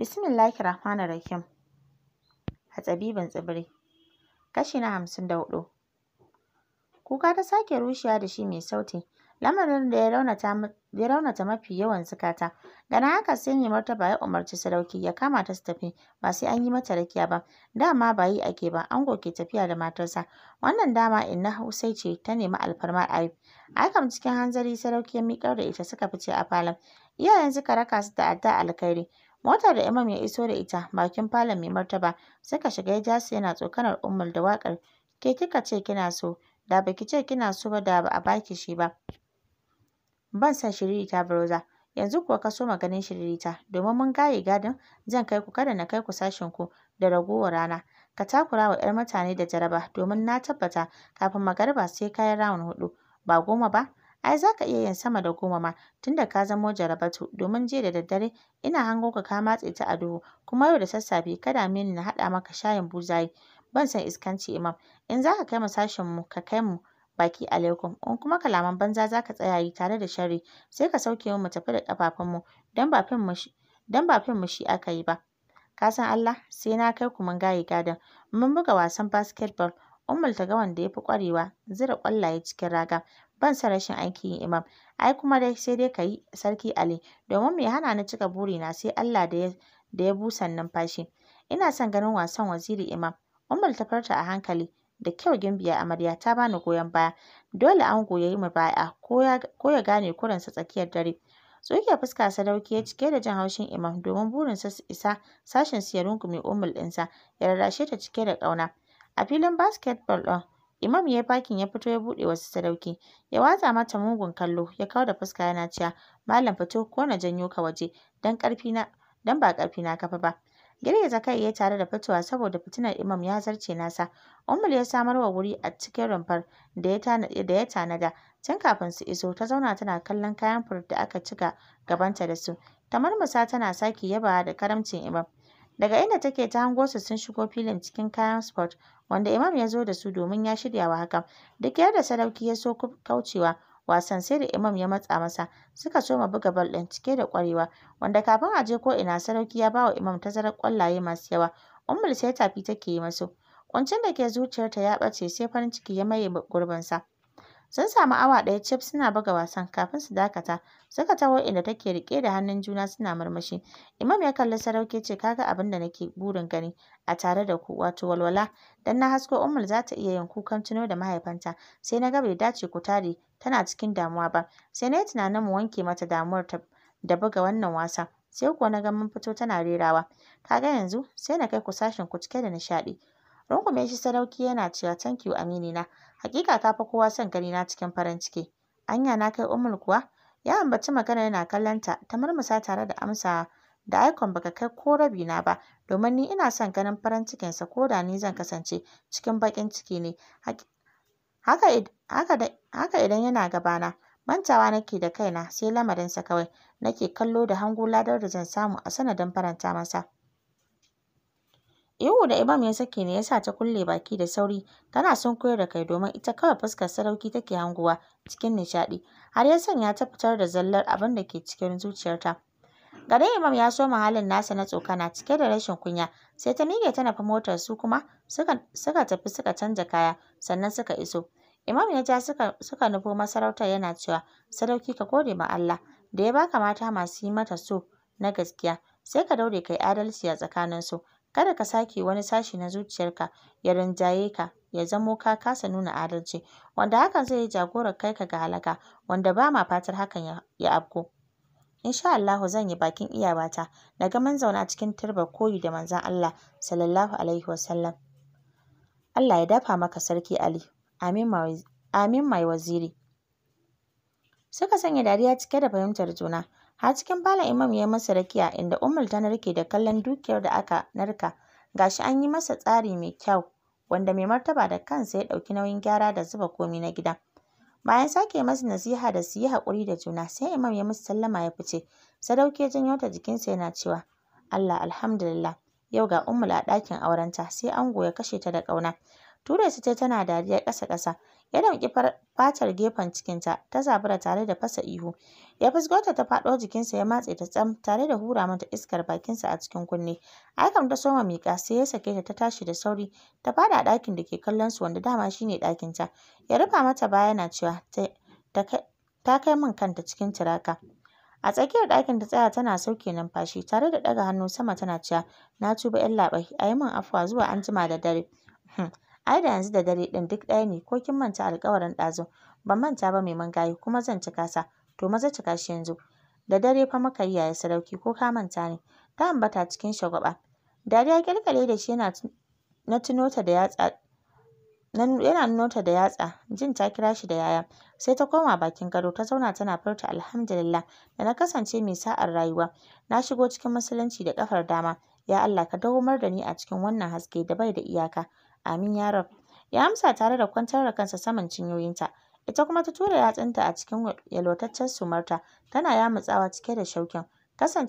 bismillahi Rahmanir Rahim. Hatsabibin tsibiri. Kashi na hamsin da hudu. Kuka ta sake rushewa da shi mai sauti, lamarin da ya raunata mafi yawan zukata. Gana haka sai mai martaba ya umarci sadauki ya kama ta su tafi, ba sai an yi mata rakiya ba. Dama ba yi ake ba, ango ke tafiya da matarsa. Wannan dama inna Hausai ce ta nemi alfarma A hakan cikin hanzari sadauki ya miƙar da ita suka fice a falon. Iyayen suka raka su da adda alkhairi. Motar da Imam ya iso da ita bakin falon mai martaba suka shiga ya ja yana tsokanar Ummul da waƙar ke kika ce kina so da baki ce kina so ba da ba a baki shi ba. Ban san ta Broza yanzu kuwa ka so maganin ta? domin mun gaye gadin zan kai ku kada na kai ku sashin ku da ragowar rana. Ka takura wa 'yar mutane da jaraba domin na tabbata kafin magariba sai kayan rawan hudu. ba goma ba Ai za ka iya yin sama da goma ma tunda ka zamo jarabatu domin jiya da daddare ina hango ka ka matse ta a duhu kuma yau da sassafe kada dame na haɗa maka shayin buzayi. Ban san iskanci Imam. In za ka kai mu mu ka kai mu baki alaikum in kuma kalaman banza za ka tsaya yi tare da sharri sai ka sauke mu mu tafi da ƙafafunmu don ba fin mu don ba fin mu shi aka yi ba. Ka san Allah sai na kai ku mun gaye gadon. Mun buga wasan basketball Umar ta ga wanda ya fi ƙwarewa zira kwallaye cikin raga. Ban san rashin aikin yi Imam. Ai kuma dai sai dai ka yi, Sarki Ali, domin me hana ni cika burina sai Allah da ya busan numfashi. Ina son ganin wasan Waziri Imam. Umar ta farta a hankali. Da kyau gimbiya amarya ta bani goyon baya. Dole ango ya yi baya, ko ya gane kurinsa tsakiyar dare. Tsuke fuska sadauki ya cike da jin haushin Imam domin burinsa su isa sashen siya rungumi Ummul ɗinsa, ya rarrashe ta cike da ƙauna. A filin basketball ɗin, ah, Imam ya yi fakin ya fito ya buɗe wasu Sadauki, ya watsa mata mugun kallo, ya kawo da fuska yana cewa, “Malam fito ko na janyo ka waje, don ba ƙarfi na kafa ba.” Girgiza kai ya tare da fitowa saboda fitinar Imam ya zarce nasa. Umar ya samar wa wuri a cikin rumfar da ya tanada tun kafin su iso, ta zauna tana kallon kayan fure da aka cika gabanta da su, ta musa tana sake yabawa da karamcin Imam. Daga inda take ta hango su sun shigo filin cikin kayan sport wanda Imam ya zo da su domin ya shirya wa hakan. Duk yadda Sadauki ya so kaucewa wasan sai da Imam ya matsa masa suka soma buga bal ɗin cike da ƙwarewa wanda kafin a je ko ina Sadauki ya ba wa Imam tazarar kwallaye masu yawa. Ummul sai tafi take yi masu. Kuncin da ke zuciyarta ya ɓace sai farin ciki ya maye gurbinsa. Sun samu awa ɗaya cif suna buga wasan kafin su dakata. Suka taho inda take rike da hannun juna suna murmushi. Imam ya kalli sarauke ce kaga abin da nake burin gani a tare da ku wato walwala. Dan na hasko Ummul za ta iya yin kukan tuno da mahaifanta. Sai na ga bai dace ku tare tana cikin damuwa ba. Sai na yi tunanin mu wanke mata damuwar ta da buga wannan wasa. Sai kuwa na ga mun fito tana rerawa. Ka ga yanzu sai na kai ku sashen ku cike da nishaɗi. Rungume shi sadauki yana cewa thank you aminina. Hakika ta kowa son gani na cikin farin ciki. Anya na kai umul kuwa? Ya ambaci magana yana kallonta ta murmusa tare da amsa da icon baka kai ko rabi na ba domin ni ina son ganin farin cikinsa ko da ni zan kasance cikin bakin ciki ne. Haka idan yana gabana mantawa nake da kaina sai lamarinsa kawai nake kallo da hango ladar da zan samu a sanadin faranta masa. Ihu da Imam ya sake ne ya sa ta kulle baki da sauri tana son koyar da kai domin ita kawai fuskar sarauki take hanguwa cikin nishaɗi har ya sanya ta fitar da zallar abin da ke cikin zuciyarta. Gare Imam ya soma halin nasa na tsokana cike da rashin kunya sai ta miƙe ta nufi motar su kuma suka, suka tafi suka canja kaya sannan suka iso. Imam ya ja suka, suka nufo masarautar yana cewa "Sarauki, ka gode ma Allah da ya baka mata masu yi mata so na gaskiya sai ka daure kai adalci a tsakanin su." Kada ka sake wani sashi na zuciyarka ya rinjaye ka ya zamo ka kasa nuna adalci, wanda hakan zai yi jagorar kai ka ga halaka, wanda ba ma fatar hakan ya afku. Insha Allahu zan yi bakin iyawata na ga mun zauna cikin turbar koyi da Manzon Allah Sallallahu Alaihi Wasallam. Allah ya dafa maka Sarki Ali. Amin mai waziri. Suka sanya dariya cike da fahimtar juna. Har cikin falon Imam ya yi masa rakiya inda Umar ta narke da kallon dukiyar da aka narka ga shi an yi masa tsari mai kyau wanda Mai Martaba da kansa ya ɗauki nauyin gyara da zuba komi na gida. Bayan sake masa nasiha da su yi haƙuri da juna sai Imam ya musu sallama ya fice. sadauke ya janyo ta jikinsa yana cewa Allah alhamdulillah yau ga Umar a ɗakin aurenta sai ango ya kashe ta da ƙauna. Ture su tana dariya ƙasa-ƙasa ya ɗauki fatar gefen cikinta ta zabura tare da fasa ihu ya fusgota ta faɗo jikinsa ya matse ta tsam tare da hura mata iskar bakinsa a cikin kunne aikam ta soma miƙa sai ya sake ta ta tashi da sauri ta faɗa a ɗakin da ke kallon su wanda dama shine ɗakin ta ya rufa mata baya yana cewa ta kai min kanta cikin turaka. a tsakiyar ɗakin ta tsaya tana sauke numfashi tare da ɗaga hannu sama tana cewa na tuba ƴan labai a yi min afuwa zuwa anjima da dare hmm. Ai da yanzu da dare ɗin duk ɗaya ne ko kin manta alƙawarin ɗazu. Ban manta ba mai mangayi kuma zan cika sa. To maza cika shi yanzu. Da dare fa muka yi yaya sarauki ko ka manta ne. Ta ambata cikin shagwaɓa. Dariya ƙyalƙyale da shi yana na tuno ta da yatsa yana nuno ta da yatsa jin ta kira shi da yaya sai ta koma bakin gado ta zauna tana furta alhamdulillah da na kasance mai sa'ar rayuwa na shigo cikin musulunci da kafar dama ya Allah ka dawwamar da ni a cikin wannan haske da bai da iyaka Amin ya Rab. Ya amsa tare da kwantar da kansa saman cinyoyinta. Ita kuma ta tura yatsunta a cikin yalwataccen sumarta, tana yamutsawa cike da shauƙin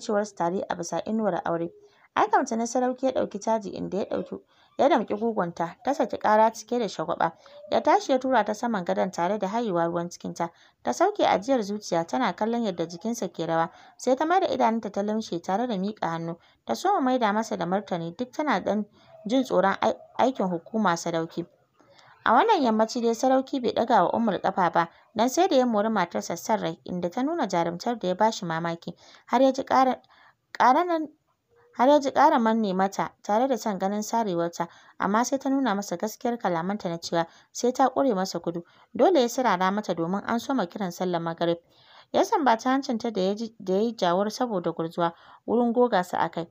su tare a bisa inuwar aure. Ai na na Sarauki ya ɗauki caji inda ya ɗauki ya damƙi gugunta ta saki ƙara cike da shagwaɓa. Ya tashi ya tura ta saman gadon tare da hayewa ruwan cikinta. Ta sauke ajiyar zuciya tana kallon yadda jikinsa ke rawa, sai ta maida idanunta ta lamshe, tare da miƙa hannu. Ta soma maida masa da martani duk tana ɗan jin tsoron aikin hukuma Sadauki. A wannan yammaci dai sarauki bai ɗaga wa umar ƙafa ba don sai da ya mori matarsa san rai inda ta nuna jarumtar da ya ba shi mamaki har ya ji ƙara manne mata tare da son ganin sarewarta amma sai ta nuna masa gaskiyar kalamanta na cewa sai ta ƙure masa gudu dole ya sirara mata domin an soma kiran sallar magarib. Ya sambata hancinta da ya yi jawur saboda gurzuwa wurin goga su a kai.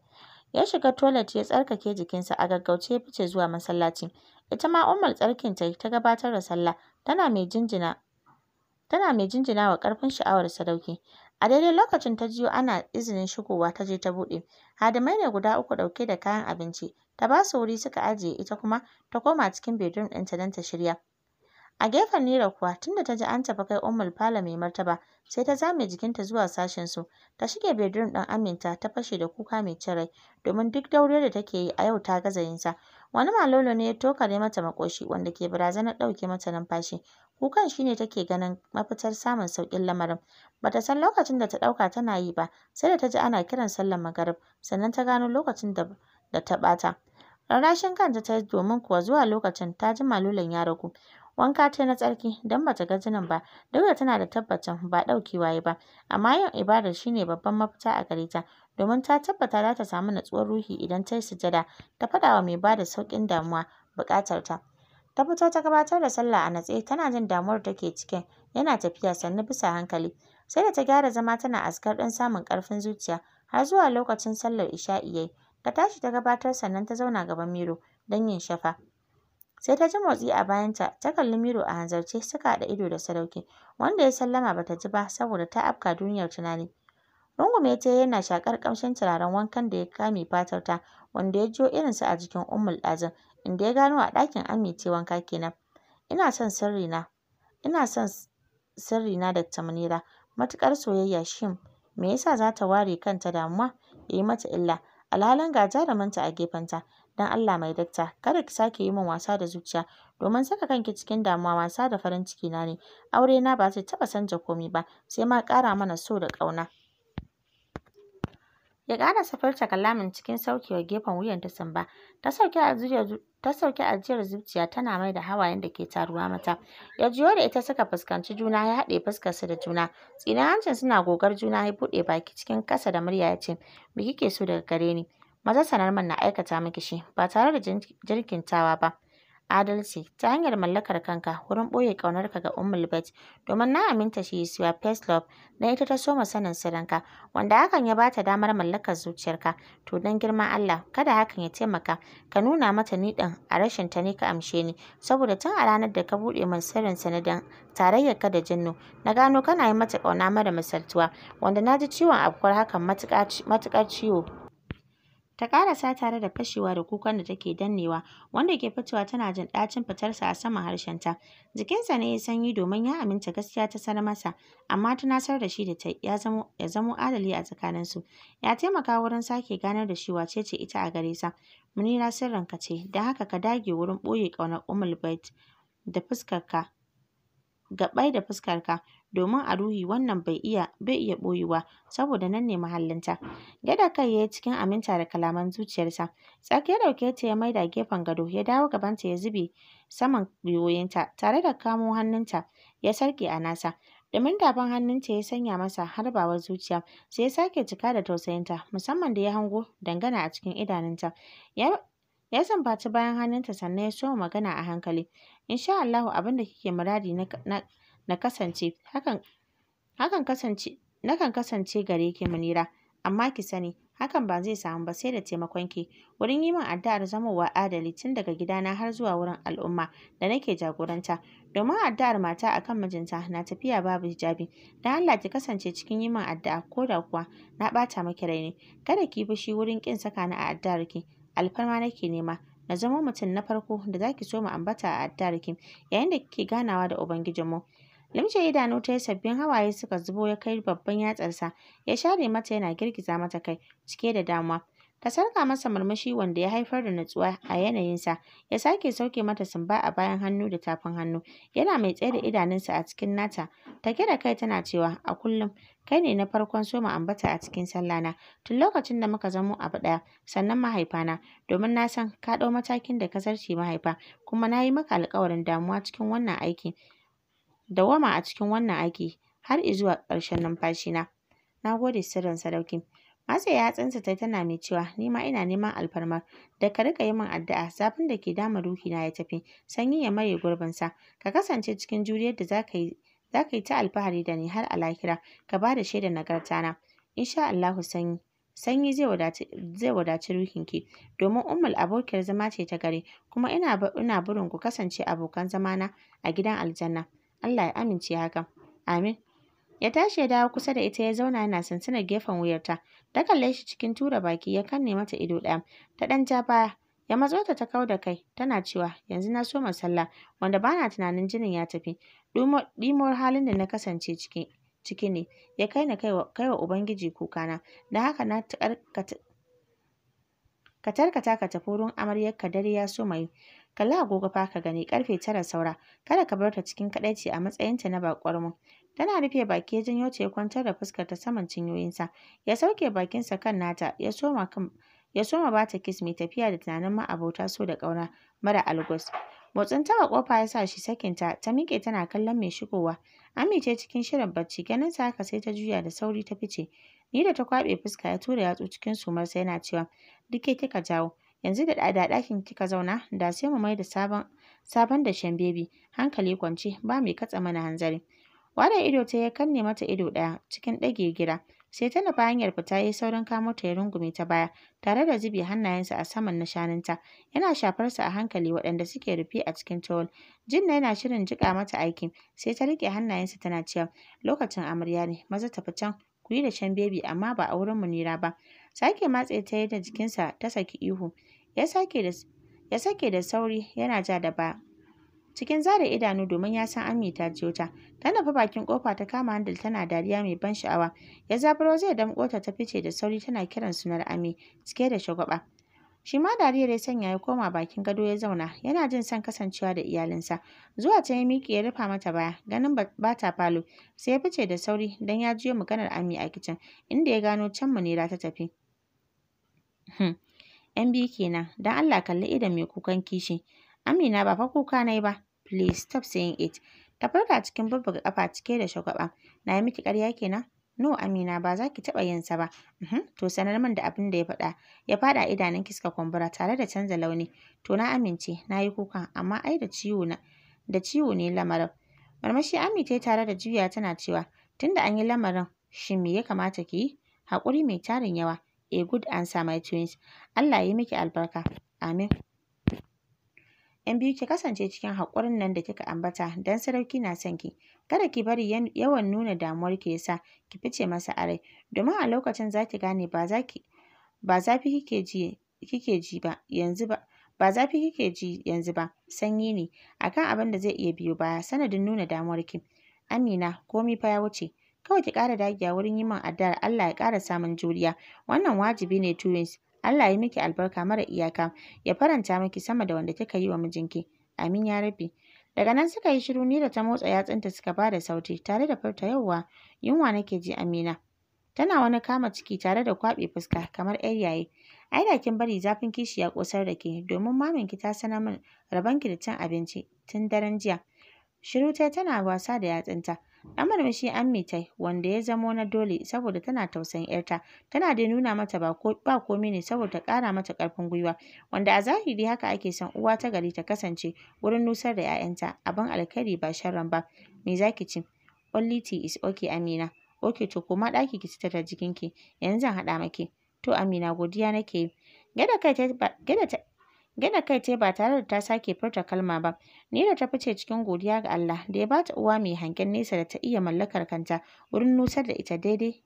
Ya shiga toilet ya tsarkake jikinsa a gaggauce fice zuwa masallaci. Ita ma Umar tsarkin ta ta gabatar da sallah tana mai jinjina tana mai jinjina wa ƙarfin sha'awar sadauki. A daidai lokacin ta jiyo ana izinin shigowa ta je ta buɗe. Hadimai ne guda uku ɗauke da kayan abinci. Ta ba su wuri suka ajiye ita kuma ta koma cikin bedroom ɗinta don ta shirya. A gefen Nira kuwa tunda ta ji an tafi kai Ummul Fala mai martaba sai ta zame jikinta zuwa sashin su ta shige bedroom ɗin Aminta ta fashe da kuka mai cirai, domin duk daure da take yi a yau ta gaza yin sa. Wani malolo ne ya tokare mata makoshi, wanda ke barazanar ɗauke mata numfashi. Kukan shi ne take ganin mafitar samun sauƙin lamarin. Bata san lokacin da ta ɗauka tana yi ba sai da ta ji ana kiran sallar magarib sannan ta gano lokacin da da ta ɓata. Rarrashin kanta ta yi domin kuwa zuwa lokacin ta ji malolon ya ragu. wanka ta na tsarki don bata ga jinin ba duk da tana da tabbacin ba ɗauki waye ba amma yin ibadar shine babban mafita a gareta domin ta tabbata za ta samu natsuwar ruhi idan ta yi sujada ta faɗa wa mai bada sauƙin damuwa buƙatar ta ta fito ta gabatar da sallah a natse tana jin damuwar da take cikin yana tafiya sannu bisa hankali sai da ta gyara zama tana askar ɗan samun ƙarfin zuciya har zuwa lokacin sallar isha'i yayi ta tashi ta gabatar sannan ta zauna gaban miro don yin shafa Sai ta ji motsi a bayanta, ta kalli Miro a hanzarce suka haɗa ido da Sadauki, wanda ya sallama ba ta ji ba saboda ta afka duniyar tunani. Rungume ta yana shakar kamshin turaren wankan da ya kame fatar ta, wanda ya jiyo irinsa a jikin Ummul ɗazun, inda ya gano a ɗakin amince wanka kenan. Ina son sirrina, ina son sirri na da Munira, matukar soyayya shin me yasa za ta ware kanta damuwa ya yi mata illa, alhalin ga jaruminta a gefenta. Don Allah mai datta, kada ki sake yi min wasa da zuciya domin saka kanki cikin damuwa wasa da farin ciki na ne. Aure na ba zai taɓa sanja komai ba sai ma kara mana so da ƙauna. Ya ƙara safarta kalamin cikin saukewa gefen wuyanta sumba. Ta sauke ajiyar ta sauke ajiyar zuciya tana mai da hawayen da ke taruwa mata. Ya juyo da ita suka fuskanci juna ya haɗe su da juna. Tsina hancin suna gogar juna ya buɗe baki cikin ƙasa da murya ya ce, Me kike so daga gare ni? Maza sanarman na aikata miki shi ba tare da jirkintawa ba. Adalci ta hanyar mallakar kanka wurin ɓoye ƙaunarka ga Ummul Bait domin na aminta shi is your first love na ita ta soma sanin sirrinka wanda hakan ya bata damar mallakar zuciyarka to don girman Allah kada hakan ya taimaka ka nuna mata ni ɗin a rashin ta ne ka amshe ni saboda tun a ranar da ka buɗe min sirrin sanadin tarayyarka da Jinnu na gano kana yi mata ƙauna mara misaltuwa wanda na ji ciwon afkuwar hakan matuƙar ciwo. Ta ƙarasa tare da fashewa da kukan da take dannewa, wanda ke fitowa tana jin ɗacin fitarsa a saman harshenta. Jikinsa ne ya sanyi domin ya aminta gaskiya ta sanar masa, amma tunasar da shi da ta ya zamo ya zamo adali a tsakaninsu. Ya taimaka wurin sake ganar da shi wace ce ita a gare sa. Munira sirrinka ce, don haka ka dage wurin ɓoye ƙaunar umulbait da fuskarka gaɓɓai da fuskar ka domin a ruhi wannan bai iya bai iya ɓoyewa saboda nan ne mahallinta. gada kai ya cikin aminta da kalaman zuciyarsa. tsaki ya ɗauke ta ya maida gefen gado ya dawo gabanta ya zube saman gwiwoyinta tare da kamo hannunta ya sarƙe a nasa. Domin daban hannunta ya sanya masa harbawar zuciya sai ya sake cika da tausayinta musamman da ya hango dangana a cikin idanunta. Ya ya bayan hannunta sannan ya soma magana a hankali. insha Allahu abin da kike muradi na na kasance hakan hakan kasance nakan kasance gare ki Munira amma ki sani hakan ba zai samu ba sai da taimakon ki wurin yi min addu'ar wa adali tun daga gidana har zuwa wurin al'umma da nake jagoranta domin addu'ar mata akan mijinta na tafiya babu hijabi dan Allah ki kasance cikin yi min addu'a ko da kuwa na ɓata miki rai ne kada ki yi fushi wurin kin saka ni a addu'ar ki alfarma nake nema na zama mutum na farko da za ki so mu ambata a addarki yayin da kike ganawa da Ubangijinmu. Limshe idanu ta yi sabbin hawaye suka zubo ya kai babban yatsarsa ya share mata yana girgiza mata kai cike da damuwa. Ta sarka masa murmushi wanda ya haifar da natsuwa a yanayinsa, ya sake sauke mata sumba a bayan hannu da tafin hannu, yana mai tsaye da idanunsa a cikin nata, take da kai tana cewa a kullum kai ne na farkon soma ambata a cikin sallana, tun lokacin da muka zamo abu ɗaya, sannan mahaifana, domin na san ka ɗau matakin da ka zarce mahaifa, kuma na yi maka alƙawarin damuwa cikin wannan aiki, dawwama a cikin wannan aiki har izuwa ƙarshen numfashina. Na gode sirrin sadaukin. Hatsa ya ta tana mai cewa ni ma ina neman alfarma. da ka rika yi min addu'a zafin da ke dama ruhina ya tafi sanyi ya maye gurbin sa ka kasance cikin juriyar da za yi zaka yi ta alfahari da ni har a lahira ka ba da nagarta na insha Allahu sanyi sanyi zai wadaci zai wadaci ki domin ummul abokiyar zama ce ta gare, kuma ina ina burin ku kasance abokan zamana a gidan aljanna Allah ya amince hakan amin Ya tashi ya dawo kusa da ita ya zauna yana sansanar gefen wuyarta. Ta kalle shi cikin tura baki ya kanne mata ido ɗaya. Ta ɗan ja baya. Ya matso ta ta kau da kai tana cewa yanzu na so sallah wanda bana tunanin jinin ya tafi. Ɗimuwar halin da na kasance ciki ne ya kai kai kaiwa Ubangiji kukana. da haka na ka tarkata ka tafi wurin amaryar ka dare ya so mai kalli agogo fa ka gani karfe tara saura kada ka bar ta cikin kadaici a matsayinta na bakwar mu tana rufe baki ya janyo ce ya kwantar da fuskar ta saman sa. ya sauke bakin sa kan nata ya soma kan ya soma ba ta kiss mai tafiya da tunanin ma abota so da ƙauna mara algus motsin taba kofa ya sa shi sakin ta ta miƙe tana kallon mai shigowa amince cikin shirin bacci ganin sa haka sai ta juya da sauri ta fice ni da ta kwabe fuska ya tura yatsu cikin sumarsa yana cewa duk kika jawo yanzu da da ɗakin kika zauna da sai mu maida sabon sabon dashen bebi hankali kwance ba mai katse mana hanzari wada ido ta ya kanne mata ido ɗaya cikin ɗage gira sai ta nufa hanyar fita ya yi saurin kamo ta ya rungume ta baya tare da zubi hannayensa a saman na shanunta yana shafar sa a hankali waɗanda suke rufe a cikin Jin na yana shirin jiƙa mata aiki sai ta riƙe hannayensa tana cewa lokacin amarya ne maza tafi can ku yi da can amma ba a wurin nira ba sake matse ta yadda jikinsa ta saki ihu ya sake da ya sake da sauri yana ja da ba cikin zare idanu domin ya san Ami ta jiyo ta ta nufi bakin kofa ta kama handle tana dariya mai ban sha'awa ya zaburo zai damƙo ta ta fice da sauri tana kiran sunar Ami cike da shagwaba Shi ma dariyar ya sanya ya koma bakin gado ya zauna, yana jin son kasancewa da iyalinsa. Zuwa ta ya miƙe ya rufa mata baya, ganin ba ta falo, sai ya fice da sauri don ya jiyo maganar Ami a kicin, inda ya gano can mu Munira ta tafi. ‘Yan hmm, biyu kenan, don Allah kalli idon mai kukan kishi. Amina ba fa kuka na yi ba, please stop saying it. Ta farka cikin ga kafa cike da shagwaba Na yi miki karya kenan? no Amina ba za ki taɓa yin sa ba uhm, to sanar min da abin da ya faɗa ya faɗa idanun ki suka kumbura tare da canza launi to na amince na yi kuka amma ai da ciwo na da ciwo ne lamarin marmashi Ami ta tare da juya tana cewa tunda an yi lamarin shin me ya kamata ki yi haƙuri mai tarin yawa a eh, good answer my twins Allah ya yi miki albarka amin yan biyu ki kasance cikin haƙurin nan da kika ambata don sarauki na son ki kada ki bari yawan nuna damuwar ki yasa ki fice masa a rai domin a lokacin za ki gane ba za ba zafi kike ji ba yanzu ba ba zafi kike ji yanzu ba sanyi ne akan abin da zai iya biyo baya sanadin nuna damuwar ki Amina komi fa ya wuce kawai ki ƙara dagewa wurin yi min addu'ar Allah ya ƙara samun juriya wannan wajibi ne twins Allah ya miki albarka mara iyaka ya faranta miki sama da wanda kika yi wa mijinki amin ya rabbi daga nan suka yi shiru ni da ta motsa yatsunta suka ba da sauti tare da furta yauwa yunwa nake ji amina tana wani kama ciki tare da kwaɓe fuska kamar 'yar yaye ai da kin bari zafin kishi ya ƙosar da ke domin maminki ta sanar min rabonki da cin abinci tun daren jiya shiru tai tana wasa da yatsunta amarmashi shi Ammi wanda ya zamo na dole saboda tana tausayin ‘yarta, tana dai nuna mata ba komai ne saboda ta ƙara mata ƙarfin gwiwa, wanda a zahiri haka ake son uwa ta gari ta kasance wurin nusar da ‘ya'yanta abin alkhairi ba sharrin ba. Me za ki ci? Only tea is okay Amina. Okay to koma ɗaki ki ci ta jikinki, yanzu zan haɗa maki. To Amina godiya nake yi. Gyada kai ta Gina kai tai ba tare da ta sake furta kalma ba. nera ta fice cikin godiya ga Allah da ya bata uwa mai hangen nesa da ta iya mallakar kanta wurin nusar da ita daidai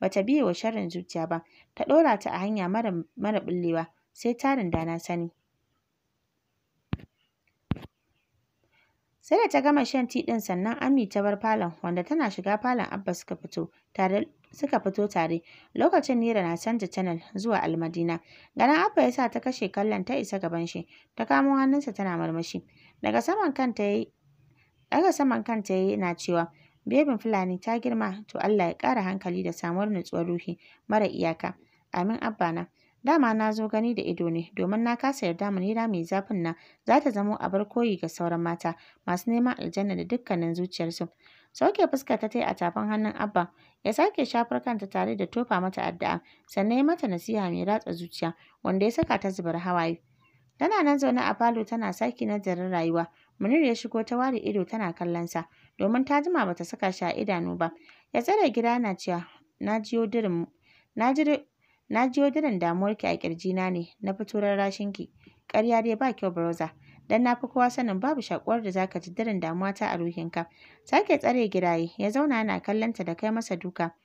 bata biye wa sharrin zuciya ba. Ta ɗora ta a hanya mara mara ɓullewa sai tarin da na sani. Sai da ta gama shan tea ɗin sannan Ami ta bar falon wanda tana shiga falon Abba suka fito tare suka fito tare lokacin Nira na canza channel zuwa Almadina ganin Abba ya sa ta kashe kallon ta isa gaban shi ta kamo hannunsa tana marmashi daga saman kanta yayi daga saman kanta yayi cewa bebin Fulani ta girma to Allah ya ƙara hankali da samuwar nutsuwar ruhi mara iyaka amin Abba na dama na zo gani da ido ne domin na kasa yarda mu nira mai zafin na. za ta zamo abar koyi ga sauran mata masu neman aljanna da dukkanin zuciyarsu sauke fuska ta tai a tafin hannun Abba ya sake shafar kanta tare da tofa mata addu'a sannan ya mata nasiha mai ratsa zuciya wanda ya saka ta zubar hawaye tana nan zaune a falo tana sake nazarin rayuwa Munir ya shigo ta ware ido tana kallon sa domin ta jima bata saka shi a idanu ba ya tsare gida na cewa na jiyo dirin na na jiyo dirin damuwarki a kirjina ne na fito rashinki, ƙarya dai ba kyau brother dan na fi kowa sanin babu shakuwar da zaka ji dirin damuwa ta a ruhinka. Sake tsare giraye ya zauna yana kallon da kai masa duka.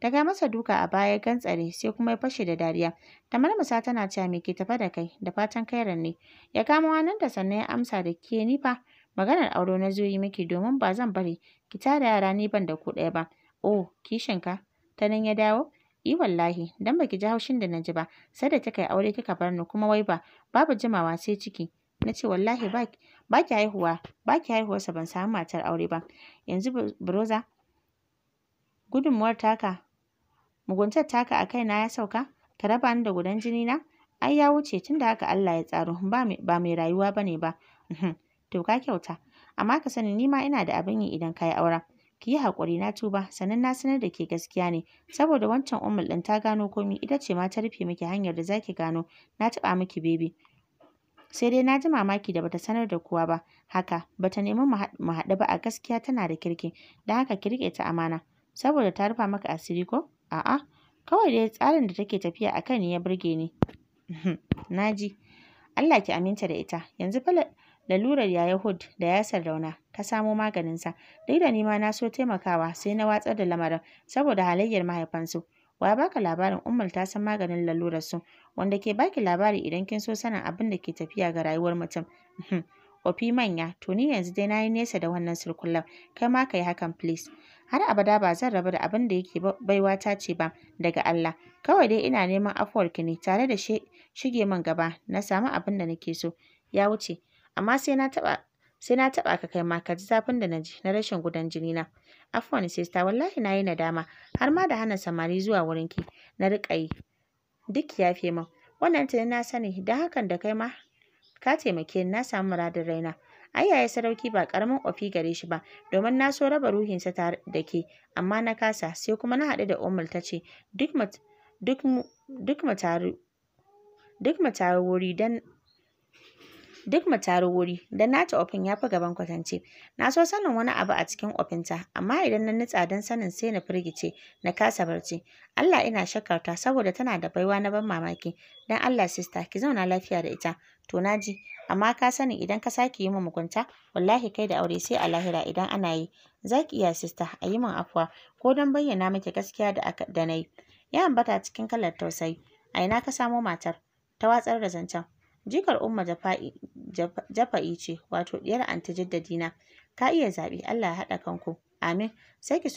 Ta kai masa duka a baya gantsare sai kuma ya fashe da dariya. ta Musa tana cewa me ke tafa da kai da fatan kai ranne. Ya kama hannunta sannan ya amsa da ke ni fa maganar aure na zo yi miki domin ba zan bari ki tara yara ni ban da ku ɗaya ba. Oh kishinka ta nan ya dawo. I wallahi, dan baki ji haushin da na ji ba, sai da kika yi aure kika bar ni kuma wai ba, babu jimawa sai ciki. na ce wallahi ba ki haihuwa ba ki haihuwarsa ban samu matar aure ba yanzu broza gudunmuwar taka muguntar taka a kaina ya sauka ka raba ni da gudan jini na ai ya wuce tunda haka Allah ya tsaro ba mai rayuwa bane ba uhm, to ka kyauta amma ka sani ni ma ina da abin yi idan ka yi aura ki yi haƙuri na tuba sannan na sanar da ke gaskiya ne saboda wancan ummul ɗin ta gano komi ita ce ma ta rufe miki hanyar da zaki gano na taɓa miki bebi sai dai na ji mamaki da bata sanar da kowa ba haka bata nemi mu haɗu ba a gaskiya tana da kirki don haka ki riƙe ta amana saboda ta rufa maka asiri ko a'a kawai dai tsarin da take tafiya a kan ne ya burge ni uhm, na ji Allah ki aminta da ita yanzu fa lalurar yaya Hud da ya Rauna ta samo maganinsa duk da nima na so taimakawa sai na watsar da lamarin saboda halayyar mahaifansu Wa ya baka labarin Ummul ta san maganin lalurar su wanda ke baki labari idan kin so sanin abin da ke tafiya ga rayuwar mutum. Uhm, Ofi manya, to ni yanzu dai nayi nesa da wannan surkullen, kai ma kayi hakan please. Har abada ba zan rabu da abin da yake baiwa ta ce ba daga Allah. Kawai dai ina neman ki ne tare da shige min gaba na samu abin da nake so. Ya wuce, amma sai na taba sai na taɓa ka kai ma ka ji zafin da na ji na rashin gudan jini na afwan sista wallahi na yi nadama har ma da hana samari zuwa wurin ki na riƙa yi duk ya fi min wannan tunan na sani da hakan da kai ma ka taimake ni na samu muradin raina ai yaya sarauki ba karamin ofi gare shi ba domin na so raba ruhinsa tare da ke amma na kasa sai kuma na haɗu da umar ta ce duk mu taru duk mu taru wuri don duk mu taru wuri don nata ofin ya fi gaban kwatance na so sanin wani abu a cikin ofinta amma idan na nutsa don sanin sai na firgice na kasa barci Allah ina shakarta saboda tana da baiwa na ban mamaki don Allah sista ki zauna lafiya da ita to na ji amma ka sani idan ka sake yi min mugunta wallahi kai da aure sai a lahira idan ana yi za ki iya sista a yi min afuwa ko don bayyana miki gaskiya da da na yi ya ambata cikin kalar tausayi a ina ka samo matar ta watsar da zancen Jikar Umma Jafa'i ce, wato ɗiyar anti Jaddadina. Ka iya zaɓi, Allah ya haɗa kanku. Amin. Sai ki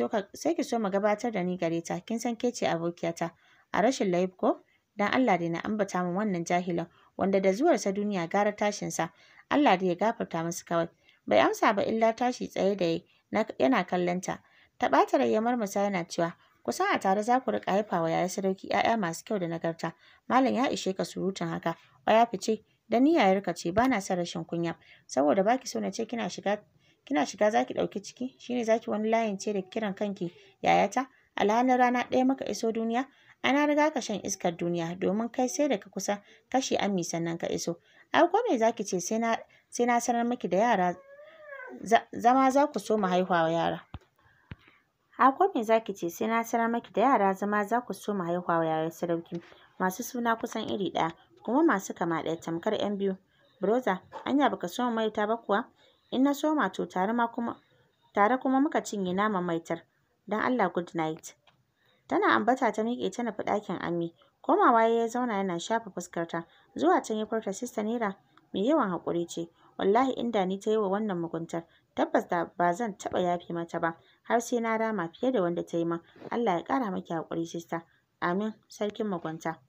so mu gabatar da ni gare ta, kin san ke ce abokiyata. A rashin laif ko? Dan Allah dai na ambata min wannan jahilan, wanda da zuwarsa duniya gara tashinsa. Allah dai ya gafarta masu kawai. Bai amsa ba illa tashi tsaye da yana kallon ta. Ta ɓata rai ya marmasa yana cewa, Kusa a tare za ku riƙa haifa wa yaya sadauki ‘ya'ya masu kyau da nagarta. Malam ya ishe ka surutun haka. ya fice, "Dan ni yayarka ce, ba na son rashin kunya. Saboda ba ki so na ce kina shiga kina shiga za ki ɗauki ciki, shine zaki wani layin ce da kiran kanki yayata. Alhalin rana ɗaya maka iso duniya, ana riga ka shan iskar duniya domin kai sai da ka kusa kashe ammi sannan ka iso. Ai ko me za ki ce sai na sai na sanar miki da yara zama za ku so mu haihuwa yara. A ko me za ce sai na sanar maki da yara zama za ku so mu haihuwa wa yayar sarauki masu suna kusan iri ɗaya kuma masu kama ɗaya tamkar 'yan biyu. Broza anya baka so maita ba kuwa? In na ma to tare ma kuma tare kuma muka cinye naman maitar. Don Allah good night. Tana ambata ta miƙe ta nufi ɗakin Ami. Komawa ya zauna yana shafa fuskarta. Zuwa can ya furta sista Nera mai yawan haƙuri ce. Wallahi inda ni ta yi wa wannan muguntar tabbas da ba zan taɓa yafe mata ba har sai na rama fiye da wanda ta yi min Allah ya ƙara maki haƙuri sista amin sarkin mugunta